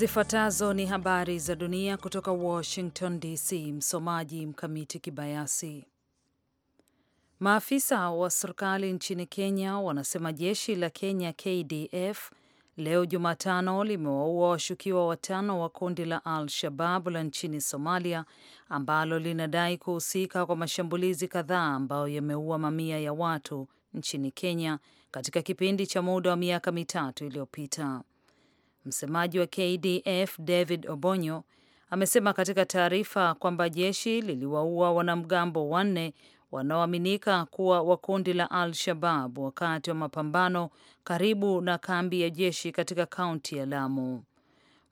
Zifuatazo ni habari za dunia kutoka Washington DC. Msomaji Mkamiti Kibayasi. Maafisa wa serikali nchini Kenya wanasema jeshi la Kenya KDF leo Jumatano limewaua washukiwa watano wa kundi la Al-Shabab la nchini Somalia ambalo linadai kuhusika kwa mashambulizi kadhaa ambayo yameua mamia ya watu nchini Kenya katika kipindi cha muda wa miaka mitatu iliyopita. Msemaji wa KDF David Obonyo amesema katika taarifa kwamba jeshi liliwaua wanamgambo wanne wanaoaminika kuwa wa kundi la Al-Shabab wakati wa mapambano karibu na kambi ya jeshi katika kaunti ya Lamu.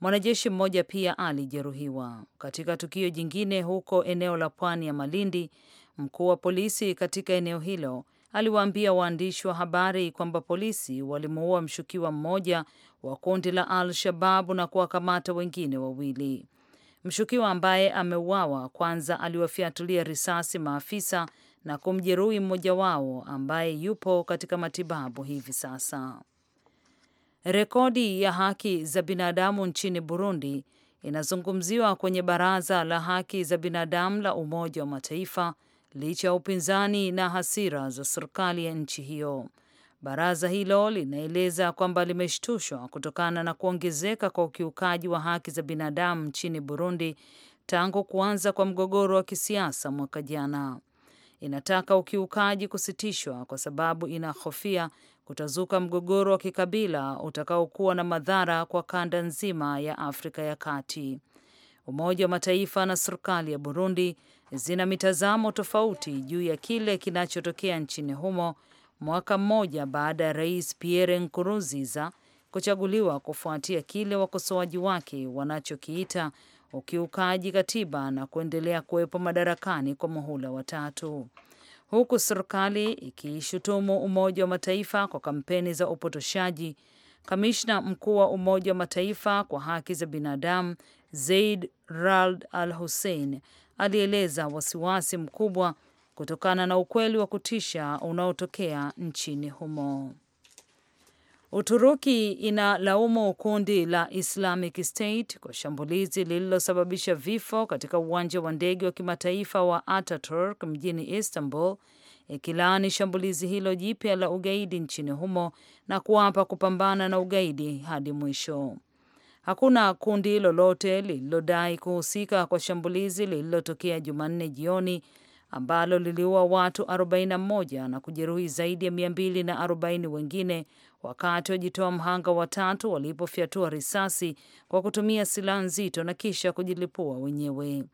Mwanajeshi mmoja pia alijeruhiwa. Katika tukio jingine huko eneo la pwani ya Malindi, mkuu wa polisi katika eneo hilo aliwaambia waandishi wa habari kwamba polisi walimuua mshukiwa mmoja wa kundi la Al-Shababu na kuwakamata wengine wawili. Mshukiwa ambaye ameuawa kwanza aliwafyatulia risasi maafisa na kumjeruhi mmoja wao ambaye yupo katika matibabu hivi sasa. Rekodi ya haki za binadamu nchini Burundi inazungumziwa kwenye Baraza la Haki za Binadamu la Umoja wa Mataifa licha ya upinzani na hasira za serikali ya nchi hiyo. Baraza hilo linaeleza kwamba limeshtushwa kutokana na kuongezeka kwa ukiukaji wa haki za binadamu nchini Burundi tangu kuanza kwa mgogoro wa kisiasa mwaka jana. Inataka ukiukaji kusitishwa kwa sababu inahofia kutazuka mgogoro wa kikabila utakaokuwa na madhara kwa kanda nzima ya Afrika ya Kati. Umoja wa Mataifa na serikali ya Burundi zina mitazamo tofauti juu ya kile kinachotokea nchini humo mwaka mmoja baada ya Rais Pierre Nkurunziza kuchaguliwa kufuatia kile wakosoaji wake wanachokiita ukiukaji katiba na kuendelea kuwepo madarakani kwa muhula watatu huku serikali ikiishutumu Umoja wa Mataifa kwa kampeni za upotoshaji. Kamishna mkuu wa Umoja wa Mataifa kwa haki za binadamu Zaid Rald Al Hussein alieleza wasiwasi mkubwa kutokana na ukweli wa kutisha unaotokea nchini humo. Uturuki inalaumu kundi la Islamic State kwa shambulizi lililosababisha vifo katika uwanja wa ndege wa kimataifa wa Ataturk mjini Istanbul, ikilaani shambulizi hilo jipya la ugaidi nchini humo na kuapa kupambana na ugaidi hadi mwisho. Hakuna kundi lolote lililodai kuhusika kwa shambulizi lililotokea Jumanne jioni ambalo liliua watu 41 na kujeruhi zaidi ya 240 wengine wakati wajitoa mhanga watatu walipofyatua risasi kwa kutumia silaha nzito na kisha kujilipua wenyewe.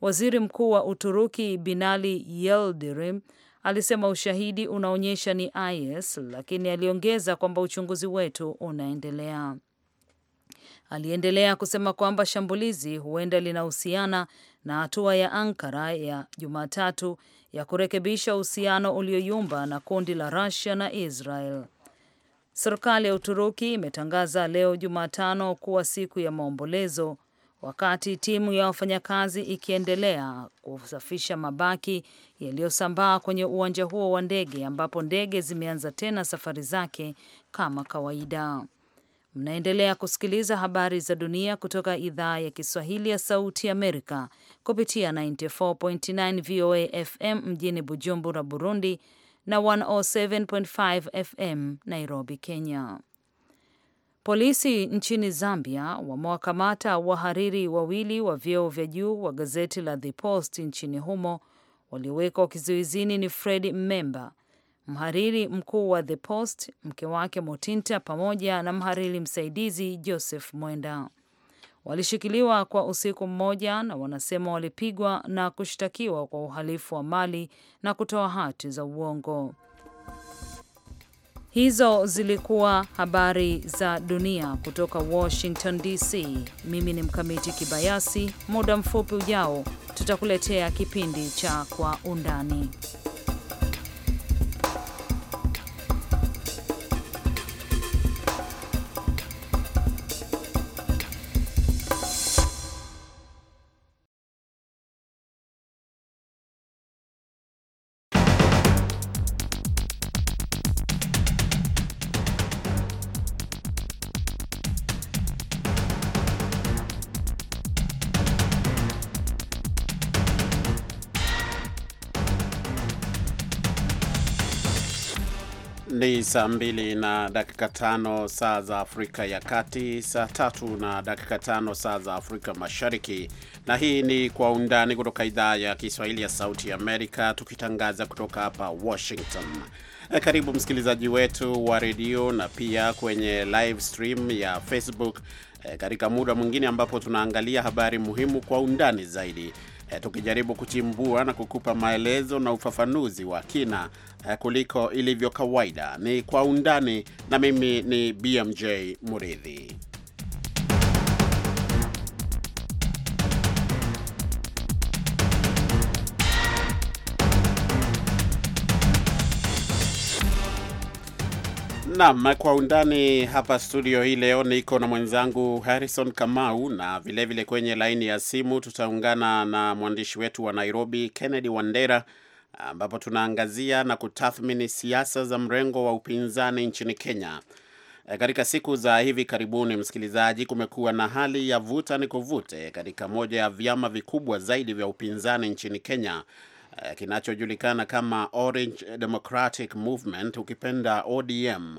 Waziri Mkuu wa Uturuki Binali Yildirim alisema ushahidi unaonyesha ni IS, lakini aliongeza kwamba uchunguzi wetu unaendelea. Aliendelea kusema kwamba shambulizi huenda linahusiana na hatua ya Ankara ya Jumatatu ya kurekebisha uhusiano ulioyumba na kundi la Russia na Israel. Serikali ya Uturuki imetangaza leo Jumatano kuwa siku ya maombolezo, wakati timu ya wafanyakazi ikiendelea kusafisha mabaki yaliyosambaa kwenye uwanja huo wa ndege ambapo ndege zimeanza tena safari zake kama kawaida. Mnaendelea kusikiliza habari za dunia kutoka idhaa ya Kiswahili ya Sauti Amerika kupitia 94.9 VOA FM mjini Bujumbura, Burundi na 107.5 FM Nairobi, Kenya. Polisi nchini Zambia wamewakamata wahariri wawili wa vyeo vya juu wa gazeti la The Post nchini humo. Waliowekwa kizuizini ni Fred Mmemba mhariri mkuu wa The Post, mke wake Motinta pamoja na mhariri msaidizi Joseph Mwenda walishikiliwa kwa usiku mmoja na wanasema walipigwa na kushtakiwa kwa uhalifu wa mali na kutoa hati za uongo. Hizo zilikuwa habari za dunia kutoka Washington DC. Mimi ni Mkamiti Kibayasi. Muda mfupi ujao tutakuletea kipindi cha Kwa Undani. saa mbili na dakika tano saa za Afrika ya Kati, saa tatu na dakika tano saa za Afrika Mashariki. Na hii ni Kwa Undani kutoka idhaa ya Kiswahili ya Sauti Amerika, tukitangaza kutoka hapa Washington. Eh, karibu msikilizaji wetu wa redio na pia kwenye live stream ya Facebook eh, katika muda mwingine ambapo tunaangalia habari muhimu kwa undani zaidi e, tukijaribu kuchimbua na kukupa maelezo na ufafanuzi wa kina e, kuliko ilivyo kawaida. Ni kwa undani, na mimi ni BMJ Muridhi. Naam, kwa undani hapa studio hii leo niko na mwenzangu Harrison Kamau, na vilevile vile kwenye laini ya simu tutaungana na mwandishi wetu wa Nairobi Kennedy Wandera, ambapo tunaangazia na kutathmini siasa za mrengo wa upinzani nchini Kenya. E, katika siku za hivi karibuni, msikilizaji, kumekuwa na hali ya vuta ni kuvute katika moja ya vyama vikubwa zaidi vya upinzani nchini Kenya Eh, kinachojulikana kama Orange Democratic Movement, ukipenda ODM.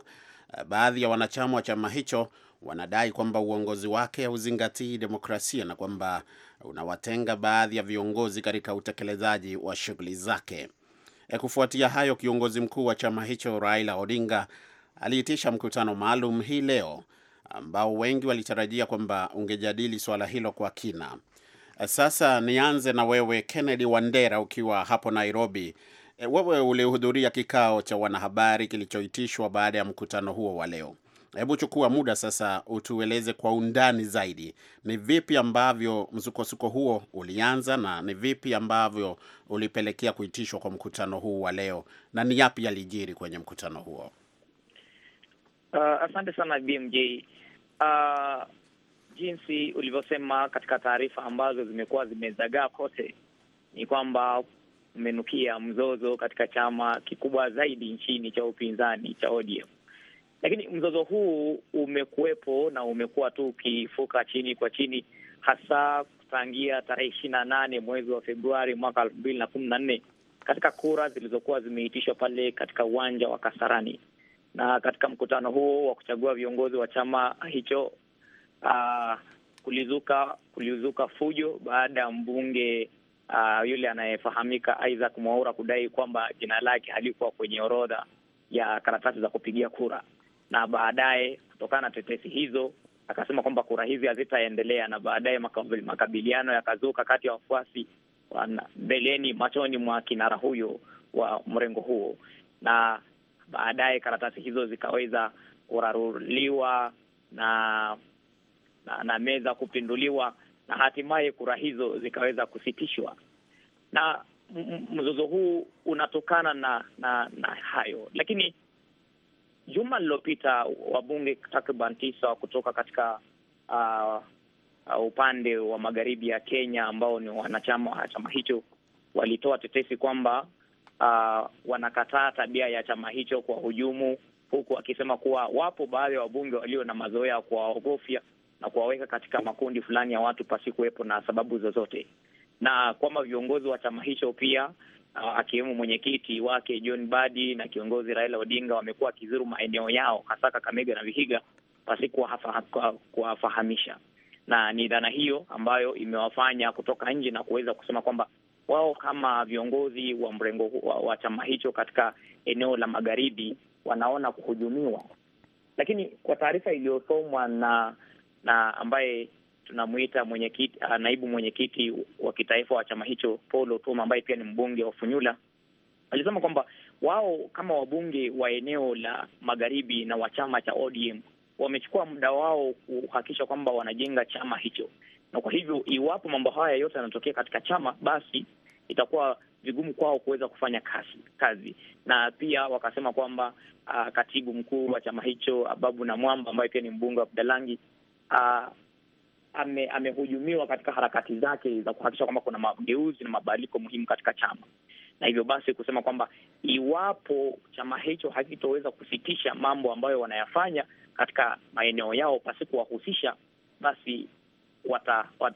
Eh, baadhi ya wanachama wa chama hicho wanadai kwamba uongozi wake hauzingatii demokrasia na kwamba unawatenga baadhi ya viongozi katika utekelezaji wa shughuli zake. E, kufuatia hayo, kiongozi mkuu wa chama hicho Raila Odinga aliitisha mkutano maalum hii leo ambao wengi walitarajia kwamba ungejadili suala hilo kwa kina. Sasa nianze na wewe Kennedy Wandera, ukiwa hapo Nairobi. Eh, wewe ulihudhuria kikao cha wanahabari kilichoitishwa baada ya mkutano huo wa leo. Hebu chukua muda sasa utueleze kwa undani zaidi, ni vipi ambavyo msukosuko huo ulianza na ni vipi ambavyo ulipelekea kuitishwa kwa mkutano huu wa leo, na ni yapi yalijiri kwenye mkutano huo? Uh, asante sana BMJ. Uh, jinsi ulivyosema katika taarifa ambazo zimekuwa zimezagaa kote, ni kwamba umenukia mzozo katika chama kikubwa zaidi nchini cha upinzani cha ODM. Lakini mzozo huu umekuwepo na umekuwa tu ukifuka chini kwa chini, hasa kutangia tarehe ishirini na nane mwezi wa Februari mwaka elfu mbili na kumi na nne katika kura zilizokuwa zimeitishwa pale katika uwanja wa Kasarani na katika mkutano huo wa kuchagua viongozi wa chama hicho uh, kulizuka kulizuka fujo baada ya mbunge uh, yule anayefahamika Isaac Mwaura kudai kwamba jina lake halikuwa kwenye orodha ya karatasi za kupigia kura, na baadaye kutokana na tetesi hizo akasema kwamba kura hizi hazitaendelea, na baadaye makabiliano yakazuka kati ya wafuasi mbeleni machoni mwa kinara huyo wa mrengo huo, na baadaye karatasi hizo zikaweza kuraruliwa na na, na meza kupinduliwa na hatimaye kura hizo zikaweza kusitishwa. Na mzozo huu unatokana na, na, na hayo. Lakini juma lililopita wabunge takriban tisa kutoka katika uh, uh, upande wa magharibi ya Kenya ambao ni wanachama wa chama hicho walitoa tetesi kwamba uh, wanakataa tabia ya chama hicho kwa hujumu, huku wakisema kuwa wapo baadhi ya wabunge walio na mazoea kuwaogofya na kuwaweka katika makundi fulani ya watu pasikuwepo na sababu zozote, na kwamba viongozi wa chama hicho pia uh, akiwemo mwenyekiti wake John Badi na kiongozi Raila Odinga wamekuwa wakizuru maeneo yao hasa Kakamega na Vihiga pasi kuwafahamisha, na ni dhana hiyo ambayo imewafanya kutoka nje na kuweza kusema kwamba wao kama viongozi wa mrengo wa, wa chama hicho katika eneo la magharibi wanaona kuhujumiwa. Lakini kwa taarifa iliyosomwa na na ambaye tunamuita mwenyekiti, ah, naibu mwenyekiti wa kitaifa wa chama hicho Paul Otuoma ambaye pia ni mbunge wa Funyula alisema kwamba wao kama wabunge wa eneo la magharibi na wa chama cha ODM wamechukua muda wao kuhakikisha kwamba wanajenga chama hicho, na kwa hivyo iwapo mambo haya yote yanatokea katika chama, basi itakuwa vigumu kwao kuweza kufanya kazi, kazi. Na pia wakasema kwamba uh, katibu mkuu wa chama hicho Ababu Namwamba ambaye pia ni mbunge wa Budalangi uh, ame, amehujumiwa katika harakati zake za kuhakikisha kwamba kuna mageuzi na mabadiliko muhimu katika chama, na hivyo basi kusema kwamba iwapo chama hicho hakitoweza kusitisha mambo ambayo wanayafanya katika maeneo yao pasi kuwahusisha, basi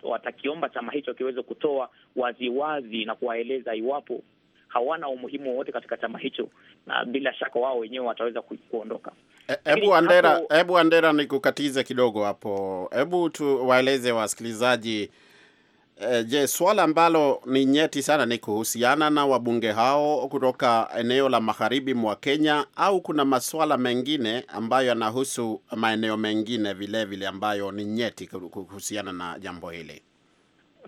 watakiomba wata chama hicho kiweze kutoa waziwazi na kuwaeleza iwapo hawana umuhimu wowote katika chama hicho, na bila shaka wao wenyewe wataweza kuondoka. Hebu e, Andera, hebu Andera, nikukatize kidogo hapo. Hebu tuwaeleze wasikilizaji e, je, swala ambalo ni nyeti sana ni kuhusiana na wabunge hao kutoka eneo la magharibi mwa Kenya, au kuna masuala mengine ambayo yanahusu maeneo mengine vilevile vile ambayo ni nyeti kuhusiana na jambo hili?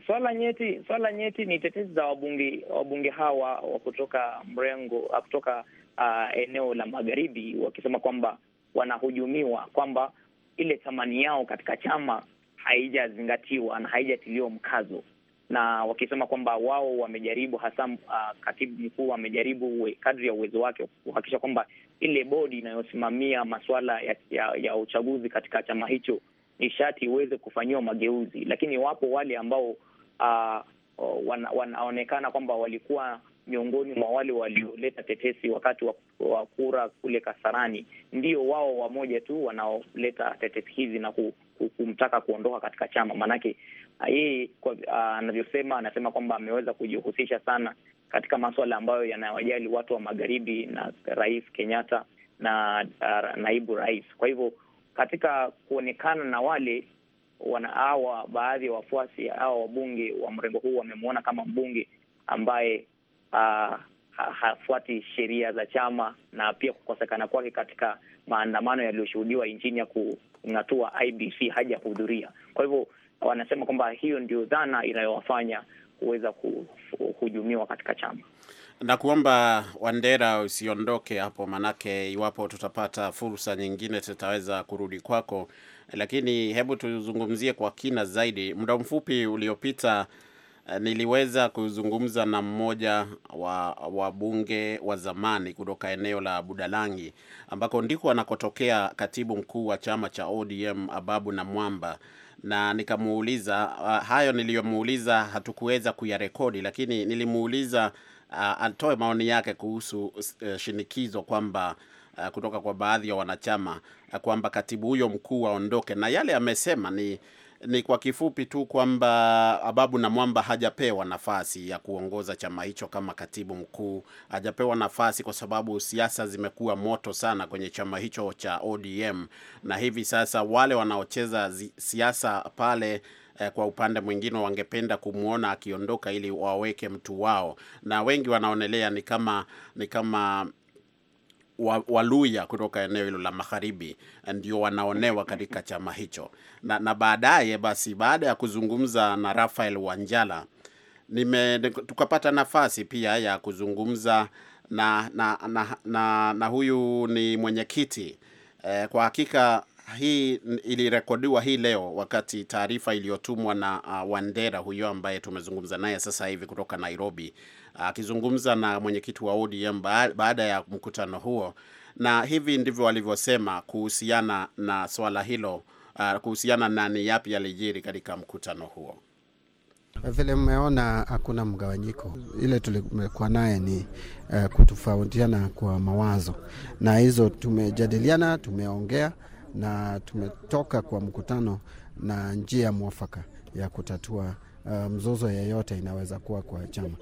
swala nyeti, swala nyeti ni tetezi za wabunge wabunge hawa wa kutoka mrengo kutoka uh, eneo la magharibi wakisema kwamba wanahujumiwa kwamba ile thamani yao katika chama haijazingatiwa na haijatiliwa mkazo, na wakisema kwamba wao wamejaribu hasa, uh, katibu mkuu amejaribu kadri ya uwezo wake kuhakikisha kwamba ile bodi inayosimamia masuala ya, ya, ya uchaguzi katika chama hicho nishati iweze kufanyiwa mageuzi, lakini wapo wale ambao uh, wana, wanaonekana kwamba walikuwa miongoni mwa wale walioleta tetesi wakati wa kura kule Kasarani, ndio wao wamoja tu wanaoleta tetesi hizi na kumtaka kuondoka katika chama. Maanake ah, yeye ah, anavyosema, anasema kwamba ameweza kujihusisha sana katika maswala ambayo yanawajali watu wa magharibi na Rais Kenyatta na a, naibu rais. Kwa hivyo katika kuonekana na wale wanaawa baadhi ya wafuasi au wabunge wa mrengo huu wamemwona kama mbunge ambaye uh, hafuati sheria za chama na pia kukosekana kwake katika maandamano yaliyoshuhudiwa nchini ya kung'atua IBC haja ya kuhudhuria Kwa hivyo wanasema kwamba hiyo ndio dhana inayowafanya kuweza kuhujumiwa katika chama na kuomba Wandera usiondoke hapo, manake iwapo tutapata fursa nyingine tutaweza kurudi kwako lakini hebu tuzungumzie kwa kina zaidi. Muda mfupi uliopita eh, niliweza kuzungumza na mmoja wa wabunge wa zamani kutoka eneo la Budalangi ambako ndiko anakotokea katibu mkuu wa chama cha ODM Ababu na Mwamba, na nikamuuliza ah, hayo niliyomuuliza hatukuweza kuyarekodi, lakini nilimuuliza uh, atoe maoni yake kuhusu uh, shinikizo kwamba uh, kutoka kwa baadhi ya wanachama uh, kwamba katibu huyo mkuu aondoke, na yale amesema ni ni kwa kifupi tu kwamba Ababu na Mwamba hajapewa nafasi ya kuongoza chama hicho kama katibu mkuu. Hajapewa nafasi kwa sababu siasa zimekuwa moto sana kwenye chama hicho cha ODM, na hivi sasa wale wanaocheza siasa pale uh, kwa upande mwingine wangependa kumwona akiondoka ili waweke mtu wao, na wengi wanaonelea ni kama ni kama Waluya kutoka eneo hilo la magharibi eh, ndio wanaonewa katika chama hicho, na, na baadaye basi, baada ya kuzungumza na Rafael Wanjala nime tukapata nafasi pia ya kuzungumza na, na, na, na, na huyu ni mwenyekiti eh. Kwa hakika hii ilirekodiwa hii leo wakati taarifa iliyotumwa na uh, Wandera huyo ambaye tumezungumza naye sasa hivi kutoka Nairobi akizungumza na mwenyekiti wa ODM baada ya mkutano huo, na hivi ndivyo walivyosema kuhusiana na swala hilo, ah, kuhusiana na ni yapi yalijiri katika mkutano huo. Vile mmeona hakuna mgawanyiko. Ile tulikuwa naye ni uh, kutofautiana kwa mawazo, na hizo tumejadiliana, tumeongea na tumetoka kwa mkutano na njia mwafaka ya kutatua uh, mzozo yeyote inaweza kuwa kwa chama.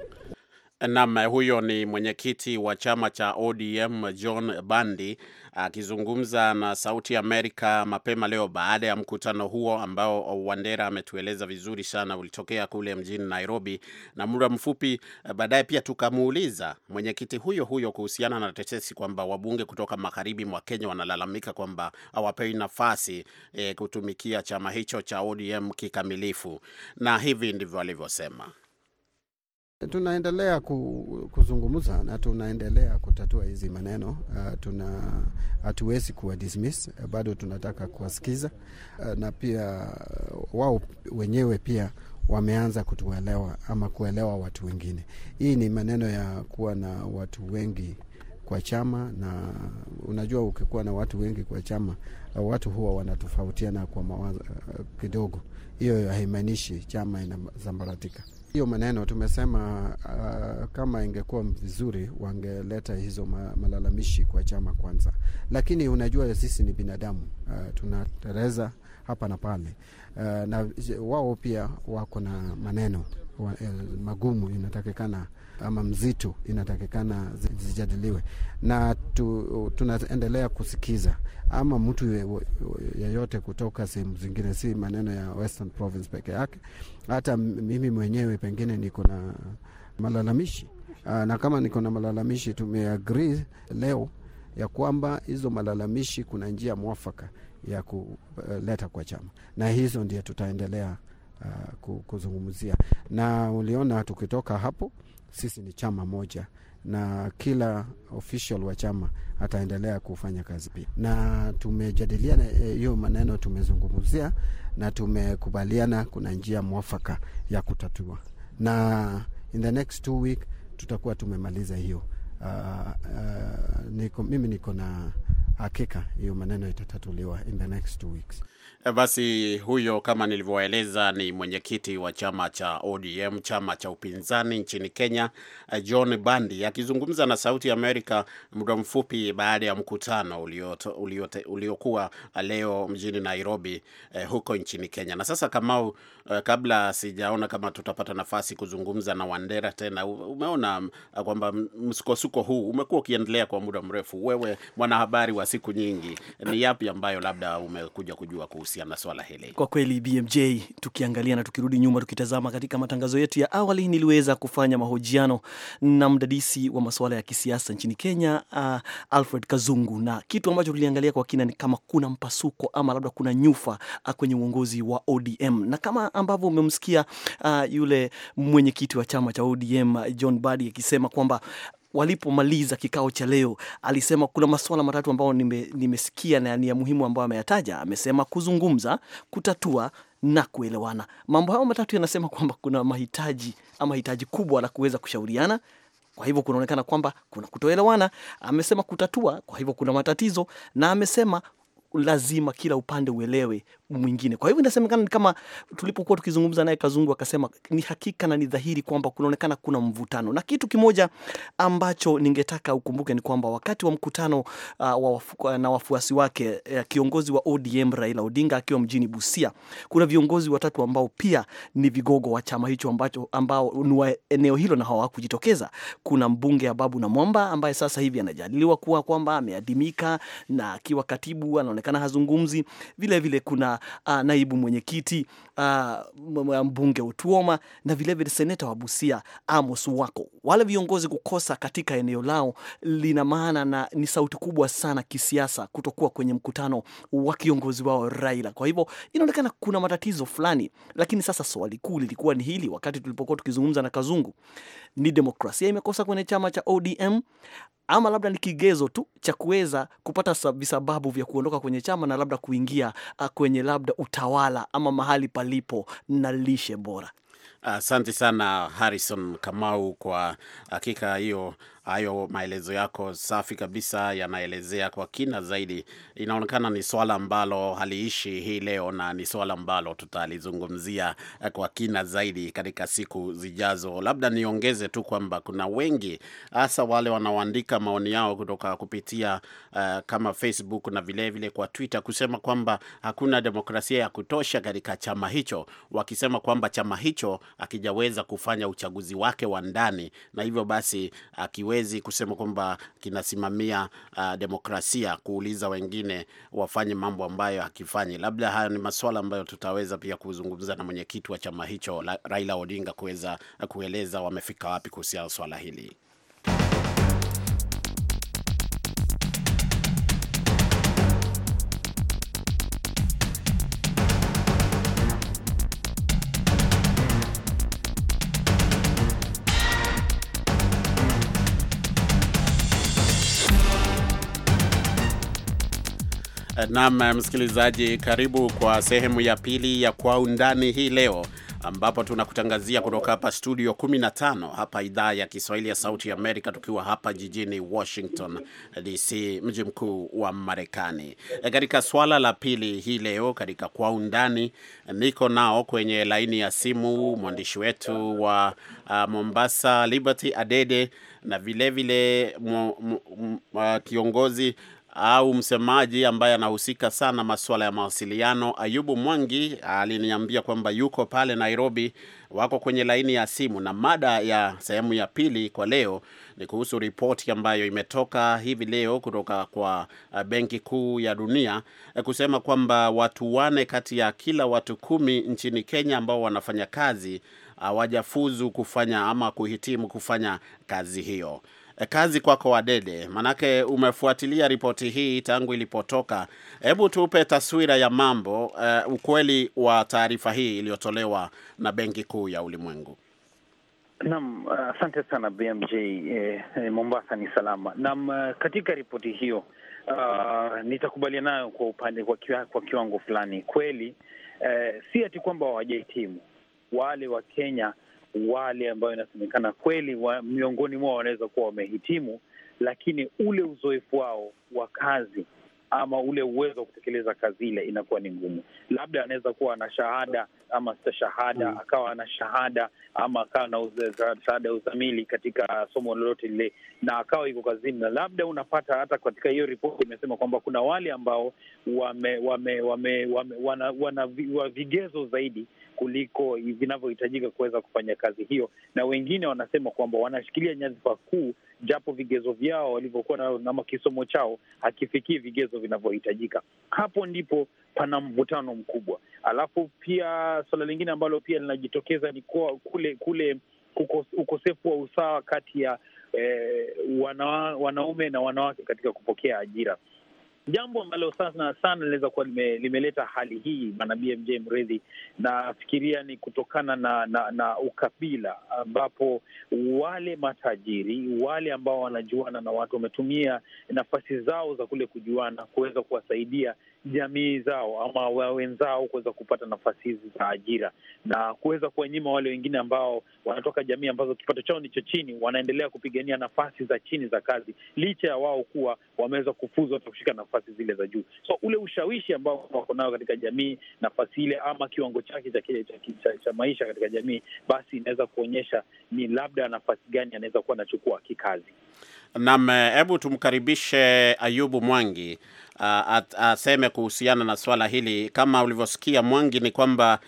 Naam, huyo ni mwenyekiti wa chama cha ODM John Bandi akizungumza na Sauti Amerika mapema leo baada ya mkutano huo ambao Wandera ametueleza vizuri sana ulitokea kule mjini Nairobi, na muda mfupi eh, baadaye pia tukamuuliza mwenyekiti huyo huyo kuhusiana na tetesi kwamba wabunge kutoka magharibi mwa Kenya wanalalamika kwamba hawapewi nafasi e, kutumikia chama hicho cha ODM kikamilifu, na hivi ndivyo alivyosema. Tunaendelea kuzungumza na tunaendelea kutatua hizi maneno. Ah, tuna hatuwezi kuwa dismiss, bado tunataka kuwasikiza, ah, na pia wao wenyewe pia wameanza kutuelewa ama kuelewa watu wengine. Hii ni maneno ya kuwa na watu wengi kwa chama, na unajua ukikuwa na watu wengi kwa chama watu huwa wanatofautiana kwa mawazo ah, kidogo. Hiyo haimaanishi chama inasambaratika hiyo maneno tumesema, uh, kama ingekuwa vizuri wangeleta hizo ma, malalamishi kwa chama kwanza, lakini unajua sisi ni binadamu uh, tunatereza hapa na pale uh, na wao pia wako na maneno wa, eh, magumu inatakikana ama mzito inatakikana zijadiliwe, na tu, tunaendelea kusikiza ama mtu yeyote kutoka sehemu zingine, si maneno ya Western Province peke yake. Hata mimi mwenyewe pengine niko na malalamishi ah, na kama niko na malalamishi, tumeagree leo ya kwamba hizo malalamishi kuna njia mwafaka ya kuleta kwa chama, na hizo ndio tutaendelea ah, kuzungumzia, na uliona tukitoka hapo sisi ni chama moja na kila official wa chama ataendelea kufanya kazi pia, na tumejadiliana eh, hiyo maneno, tumezungumzia na tumekubaliana kuna njia mwafaka ya kutatua, na in the next two week tutakuwa tumemaliza hiyo. Uh, uh, niko, mimi niko na hakika hiyo maneno itatatuliwa in the next two weeks. Eh, basi huyo kama nilivyoeleza ni mwenyekiti wa chama cha ODM, chama cha upinzani nchini Kenya, eh, John Bandi akizungumza na Sauti ya Amerika muda mfupi baada ya mkutano uliokuwa leo mjini Nairobi, eh, huko nchini Kenya. Na sasa Kamau, eh, kabla sijaona kama tutapata nafasi kuzungumza na Wandera tena, umeona mm, kwamba msukosuko huu umekuwa ukiendelea kwa muda mrefu. Wewe mwanahabari wa siku nyingi. Ni yapi ambayo labda umekuja kujua kuhusiana na swala hili? Kwa kweli, BMJ, tukiangalia na tukirudi nyuma, tukitazama katika matangazo yetu ya awali, niliweza kufanya mahojiano na mdadisi wa masuala ya kisiasa nchini Kenya, uh, Alfred Kazungu, na kitu ambacho tuliangalia kwa kina ni kama kuna mpasuko ama labda kuna nyufa uh, kwenye uongozi wa ODM, na kama ambavyo umemsikia uh, yule mwenyekiti wa chama cha ODM John Badi akisema kwamba walipomaliza kikao cha leo, alisema kuna masuala matatu ambayo nime, nimesikia na ni ya muhimu ambayo ameyataja. Amesema kuzungumza, kutatua na kuelewana. Mambo hayo matatu yanasema kwamba kuna mahitaji ama hitaji kubwa la kuweza kushauriana kwa hivyo kunaonekana kwamba kuna kutoelewana. Amesema kutatua, kwa hivyo kuna matatizo, na amesema lazima kila upande uelewe mwingine. Kwa hivyo inasemekana ni kama tulipokuwa tukizungumza naye Kazungu akasema ni hakika na ni dhahiri kwamba kunaonekana kuna mvutano, na kitu kimoja ambacho ningetaka ukumbuke ni kwamba wakati wa mkutano uh, wa, wafu, uh, na wafuasi wake uh, kiongozi wa ODM Raila Odinga akiwa mjini Busia, kuna viongozi watatu ambao pia ni vigogo wa chama hicho ambacho ambao ni wa eneo hilo na hawakujitokeza. Kuna mbunge Ababu Namwamba ambaye sasa hivi anajadiliwa kuwa kwamba ameadimika na akiwa katibu ana anaonekana hazungumzi. Vilevile vile kuna uh, naibu mwenyekiti uh, mbunge Otuoma na vilevile vile seneta wa Busia Amos Wako wale viongozi kukosa katika eneo lao lina maana na ni sauti kubwa sana kisiasa kutokuwa kwenye mkutano wa kiongozi wao Raila. Kwa hivyo inaonekana kuna matatizo fulani, lakini sasa swali kuu lilikuwa ni hili, wakati tulipokuwa tukizungumza na Kazungu, ni demokrasia imekosa kwenye chama cha ODM ama labda ni kigezo tu cha kuweza kupata visababu vya kuondoka kwenye chama na labda kuingia kwenye labda utawala ama mahali palipo na lishe bora. Asante uh, sana Harrison Kamau kwa hakika hiyo Hayo maelezo yako safi kabisa, yanaelezea kwa kina zaidi. Inaonekana ni swala ambalo haliishi hii leo na ni swala ambalo tutalizungumzia eh, kwa kina zaidi katika siku zijazo. Labda niongeze tu kwamba kuna wengi, hasa wale wanaoandika maoni yao kutoka kupitia uh, kama Facebook na vilevile vile kwa Twitter kusema kwamba hakuna demokrasia ya kutosha katika chama hicho, wakisema kwamba chama hicho akijaweza kufanya uchaguzi wake wa ndani na hivyo basi aki haiwezi kusema kwamba kinasimamia uh, demokrasia kuuliza wengine wafanye mambo ambayo hakifanyi. Labda haya ni maswala ambayo tutaweza pia kuzungumza na mwenyekiti wa chama hicho Raila Odinga kuweza kueleza wamefika wapi kuhusiana swala hili. Naam, msikilizaji, karibu kwa sehemu ya pili ya Kwa Undani hii leo ambapo tunakutangazia kutoka hapa studio 15 hapa idhaa ya Kiswahili ya Sauti ya Amerika, tukiwa hapa jijini Washington DC, mji mkuu wa Marekani. E, katika swala la pili hii leo katika Kwa Undani, niko nao kwenye laini ya simu mwandishi wetu wa uh, Mombasa, Liberty Adede na vilevile vile kiongozi au msemaji ambaye anahusika sana masuala ya mawasiliano Ayubu Mwangi aliniambia kwamba yuko pale Nairobi, wako kwenye laini ya simu, na mada ya sehemu ya pili kwa leo ni kuhusu ripoti ambayo imetoka hivi leo kutoka kwa eh, Benki Kuu ya Dunia eh, kusema kwamba watu wane kati ya kila watu kumi nchini Kenya ambao wanafanya kazi hawajafuzu kufanya ama kuhitimu kufanya kazi hiyo. Eh, kazi kwako Wadede, manake umefuatilia ripoti hii tangu ilipotoka. Hebu tupe taswira ya mambo, uh, ukweli wa taarifa hii iliyotolewa na Benki Kuu ya Ulimwengu. Naam, asante uh, sana BMJ. Eh, eh, Mombasa ni salama. Naam, uh, katika ripoti hiyo uh, ah, nitakubalia nayo kwa upande kwa, kiwa, kwa kiwango fulani kweli, eh, si ati kwamba hawajahitimu wale wa Kenya wale ambayo inasemekana kweli wa, miongoni mwao wanaweza kuwa wamehitimu, lakini ule uzoefu wao wa kazi ama ule uwezo wa kutekeleza kazi ile inakuwa ni ngumu. Labda anaweza kuwa na shahada ama stashahada, mm. akawa na shahada ama akawa na shahada ya uzamili katika somo lolote lile, na akawa iko kazini, na labda unapata hata katika hiyo ripoti imesema kwamba kuna wale ambao wame, wame, wame, wame, wana, wana, wana vigezo zaidi kuliko vinavyohitajika kuweza kufanya kazi hiyo, na wengine wanasema kwamba wanashikilia nyadhifa kuu, japo vigezo vyao walivyokuwa na kisomo chao hakifikii vigezo vinavyohitajika. Hapo ndipo pana mvutano mkubwa. Alafu pia suala lingine ambalo pia linajitokeza ni kuwa kule kule ukosefu wa usawa kati ya eh, wana, wanaume na wanawake katika kupokea ajira jambo ambalo sana sana linaweza kuwa lime, limeleta hali hii bana BMJ Mredhi, nafikiria ni kutokana na, na, na ukabila ambapo wale matajiri wale ambao wanajuana na watu wametumia nafasi zao za kule kujuana kuweza kuwasaidia jamii zao ama wenzao kuweza kupata nafasi hizi za ajira na kuweza kuwanyima wale wengine ambao wanatoka jamii ambazo kipato chao ni cha chini, wanaendelea kupigania nafasi za chini za kazi, licha ya wao kuwa wameweza kufuzwa hata kushika nafasi zile za juu. So ule ushawishi ambao wako nao katika jamii, nafasi ile ama kiwango chake cha, cha, cha maisha katika jamii, basi inaweza kuonyesha ni labda nafasi gani anaweza kuwa anachukua kikazi. Nam, eh, hebu tumkaribishe Ayubu Mwangi. Uh, aseme kuhusiana na swala hili. Kama ulivyosikia Mwangi, ni kwamba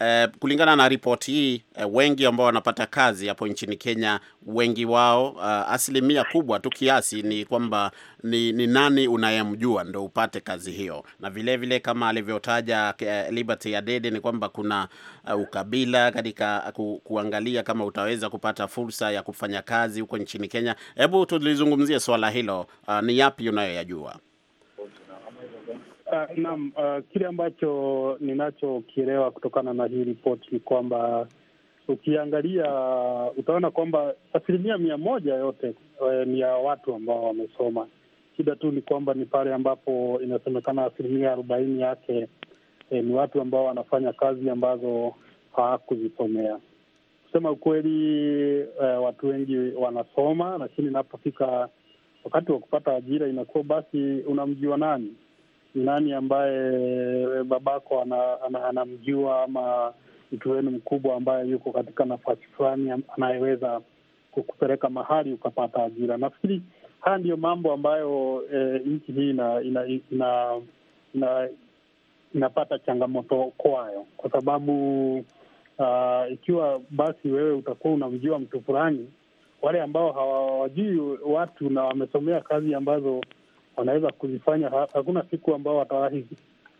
uh, kulingana na ripoti hii uh, wengi ambao wanapata kazi hapo nchini Kenya, wengi wao uh, asilimia kubwa tu kiasi ni kwamba ni, ni nani unayemjua ndo upate kazi hiyo, na vilevile vile kama alivyotaja uh, Liberty Adede ni kwamba kuna uh, ukabila katika ku, kuangalia kama utaweza kupata fursa ya kufanya kazi huko nchini Kenya. Hebu tulizungumzie swala hilo, uh, ni yapi unayoyajua? Uh, naam, uh, kile ambacho ninachokielewa kutokana na hii ripoti ni kwamba ukiangalia utaona kwamba asilimia mia moja yote uh, ni ya watu ambao wamesoma. Shida tu ni kwamba ni pale ambapo inasemekana asilimia arobaini yake e, ni watu ambao wanafanya kazi ambazo hawakuzisomea. Kusema ukweli, uh, watu wengi wanasoma, lakini inapofika wakati wa kupata ajira inakuwa basi, unamjua nani? nani ambaye babako anamjua ana, ana ama mtu wenu mkubwa ambaye yuko katika nafasi fulani anayeweza kupeleka mahali ukapata ajira. Nafikiri haya ndiyo mambo ambayo e, nchi hii ina, ina, ina, ina, inapata changamoto kwayo, kwa sababu uh, ikiwa basi wewe utakuwa unamjua mtu fulani, wale ambao hawawajui watu na wamesomea kazi ambazo wanaweza kuzifanya. Hakuna siku ambao watawahi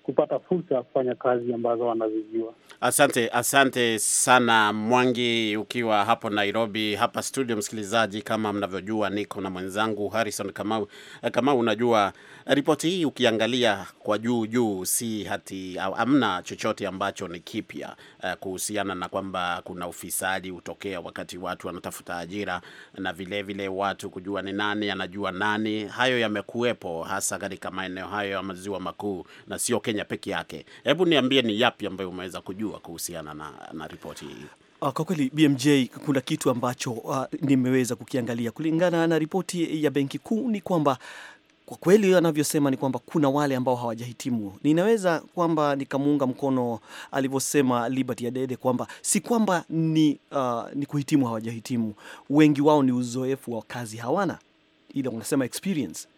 kupata fursa ya kufanya kazi ambazo wanazijua. Asante, asante sana Mwangi, ukiwa hapo Nairobi. Hapa studio, msikilizaji, kama mnavyojua, niko na mwenzangu Harrison Kamau. Eh, Kamau, unajua ripoti hii, ukiangalia kwa juu juu, si hati amna chochote ambacho ni kipya eh, kuhusiana na kwamba kuna ufisadi hutokea wakati watu wanatafuta ajira na vilevile vile watu kujua ni nani anajua nani. Hayo yamekuwepo hasa katika maeneo hayo ya maziwa makuu na sio Kenya peke yake. Hebu niambie ni yapi ambayo umeweza kujua kuhusiana na, na ripoti hii? Ah, kwa kweli BMJ, kuna kitu ambacho uh, nimeweza kukiangalia kulingana na ripoti ya benki kuu ni kwamba kwa kweli anavyosema ni kwamba kuna wale ambao hawajahitimu. Ninaweza kwamba nikamuunga mkono alivyosema Liberty Adede kwamba si kwamba ni, uh, ni kuhitimu hawajahitimu, wengi wao ni uzoefu wa kazi hawana, ila unasema experience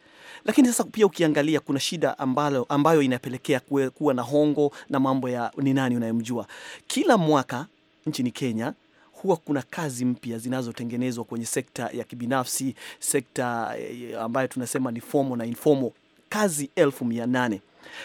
lakini sasa pia ukiangalia kuna shida ambalo, ambayo inapelekea kuwa na hongo na mambo ya ni nani unayemjua. Kila mwaka nchini Kenya huwa kuna kazi mpya zinazotengenezwa kwenye sekta ya kibinafsi, sekta eh, ambayo tunasema ni formal na informal, kazi elfu mia nane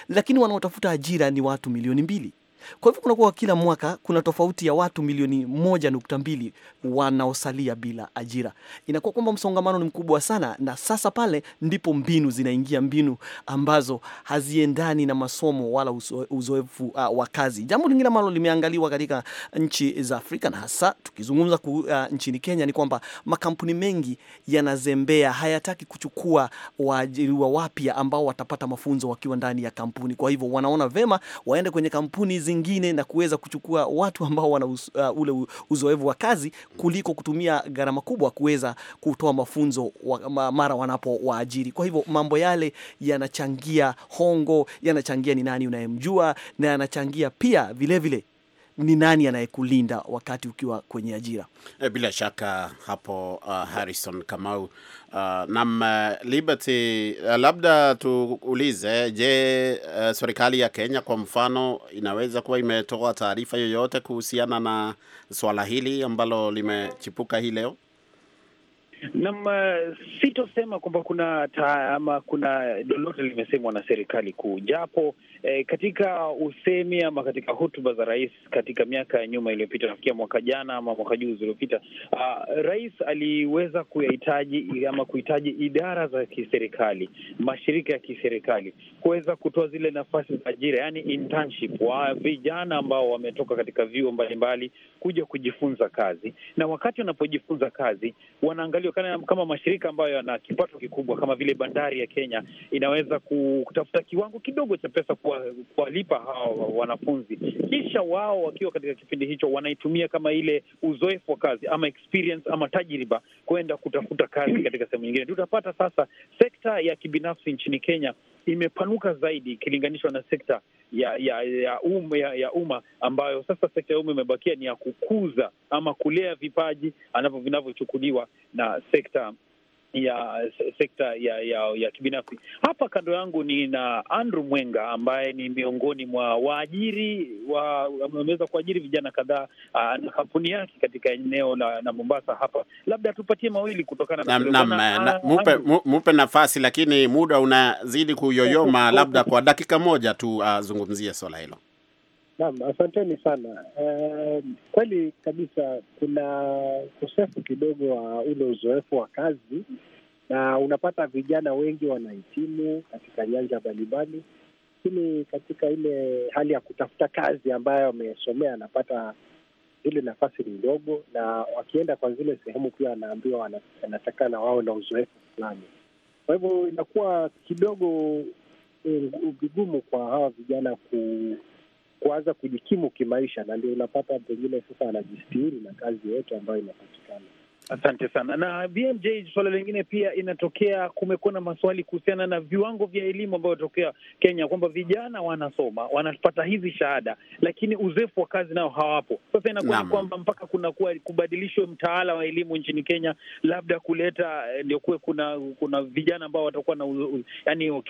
lakini wanaotafuta ajira ni watu milioni mbili. Kwa hivyo kunakuwa kila mwaka kuna tofauti ya watu milioni moja nukta mbili wanaosalia bila ajira. Inakuwa kwamba msongamano ni mkubwa sana, na sasa pale ndipo mbinu zinaingia, mbinu ambazo haziendani na masomo wala uzoefu uh, wa kazi. Jambo lingine ambalo limeangaliwa katika nchi za Afrika na hasa tukizungumza ku, uh, nchini Kenya ni kwamba makampuni mengi yanazembea, hayataki kuchukua waajiriwa wapya ambao watapata mafunzo wakiwa ndani ya kampuni. Kwa hivyo wanaona vema waende kwenye kampuni zingi nyingine na kuweza kuchukua watu ambao wana us, uh, ule uzoefu wa kazi kuliko kutumia gharama kubwa kuweza kutoa mafunzo wa, mara wanapo waajiri. Kwa hivyo mambo yale yanachangia hongo, yanachangia ni nani unayemjua na yanachangia pia vilevile vile ni nani anayekulinda wakati ukiwa kwenye ajira. Eh, bila shaka hapo, uh, Harrison Kamau, uh, nam uh, Liberty, uh, labda tuulize, je, uh, serikali ya Kenya kwa mfano inaweza kuwa imetoa taarifa yoyote kuhusiana na swala hili ambalo limechipuka hii leo? Nam, uh, sitosema kwamba kuna ta, ama kuna lolote limesemwa na serikali kuu, japo E, katika usemi ama katika hotuba za rais katika miaka ya nyuma iliyopita, nafikia mwaka jana ama mwaka juzi uliopita, uh, rais aliweza kuyahitaji ama kuhitaji idara za kiserikali, mashirika ya kiserikali kuweza kutoa zile nafasi za ajira, yani internship wa vijana ambao wametoka katika vyuo mbalimbali kuja kujifunza kazi, na wakati wanapojifunza kazi wanaangaliwa kama mashirika ambayo yana kipato kikubwa kama vile bandari ya Kenya inaweza kutafuta kiwango kidogo cha pesa kuwalipa hawa wanafunzi, kisha wao wakiwa katika kipindi hicho wanaitumia kama ile uzoefu wa kazi ama experience ama tajriba kwenda kutafuta kazi katika sehemu nyingine. Tutapata sasa sekta ya kibinafsi nchini Kenya imepanuka zaidi ikilinganishwa na sekta ya ya ya umma ya, ya umma ambayo sasa sekta ya umma imebakia ni ya kukuza ama kulea vipaji anavyo vinavyochukuliwa na sekta ya sekta ya ya, ya kibinafsi. Hapa kando yangu ni na Andrew Mwenga ambaye ni miongoni mwa waajiri wa ameweza kuajiri vijana kadhaa ah, na kampuni yake katika eneo la na Mombasa hapa. Labda tupatie mawili kutokana na, na, na, eh, ah, na mupe, mupe nafasi, lakini muda unazidi kuyoyoma, labda kwa dakika moja tu azungumzie ah, uh, swala hilo. Naam, asanteni sana. E, kweli kabisa kuna ukosefu kidogo wa ule uzoefu wa kazi, na unapata vijana wengi wanahitimu katika nyanja mbalimbali, lakini katika ile hali ya kutafuta kazi ambayo wamesomea anapata ile nafasi ni ndogo, na wakienda kwa zile sehemu pia wanaambiwa wanataka na wao na uzoefu fulani. Kwa hivyo inakuwa kidogo vigumu eh, kwa hawa vijana ku kuanza kujikimu kimaisha, na ndio unapata pengine sasa anajistiri na kazi yote ambayo inapatikana. Asante sana na BMJ, suala lingine pia inatokea, kumekuwa na maswali kuhusiana na viwango vya elimu ambayo tokea Kenya kwamba vijana wanasoma wanapata hizi shahada, lakini uzoefu wa kazi nao hawapo. Sasa inakuwa kwamba mpaka kunakuwa kubadilishwe mtaala wa elimu nchini Kenya, labda kuleta eh, ndio kuwe kuna kuna vijana ambao watakuwa na yani,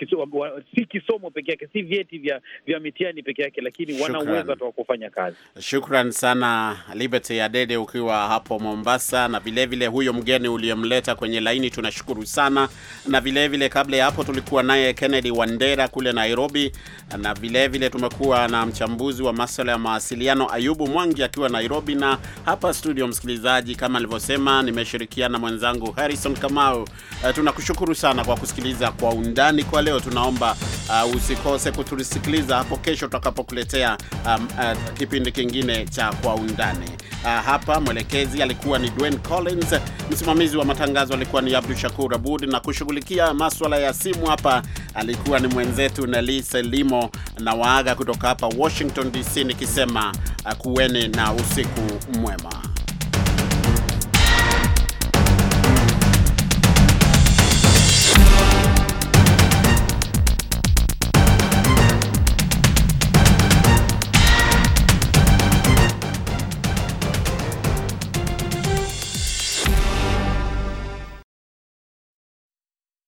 si kisomo peke yake, si vyeti vya vya mitihani peke yake, lakini wana uwezo wa kufanya kazi. Shukran sana Liberty Adede ukiwa hapo Mombasa na vile vilevile huyo mgeni uliyemleta kwenye laini tunashukuru sana, na vilevile vile kabla ya hapo tulikuwa naye Kennedy Wandera kule Nairobi, na vilevile vile tumekuwa na mchambuzi wa masuala ya mawasiliano Ayubu Mwangi akiwa Nairobi, na hapa studio, msikilizaji, kama alivyosema, nimeshirikiana na mwenzangu Harrison Kamau. Uh, tunakushukuru sana kwa kusikiliza kwa undani kwa leo. Tunaomba uh, usikose kutusikiliza hapo kesho tutakapokuletea um, uh, kipindi kingine cha kwa undani. Uh, hapa mwelekezi alikuwa ni Dwayne Collins. Collins. Msimamizi wa matangazo alikuwa ni Abdu Shakur Abud, na kushughulikia maswala ya simu hapa alikuwa ni mwenzetu Nelise Limo, na waaga kutoka hapa Washington DC nikisema kuweni na usiku mwema.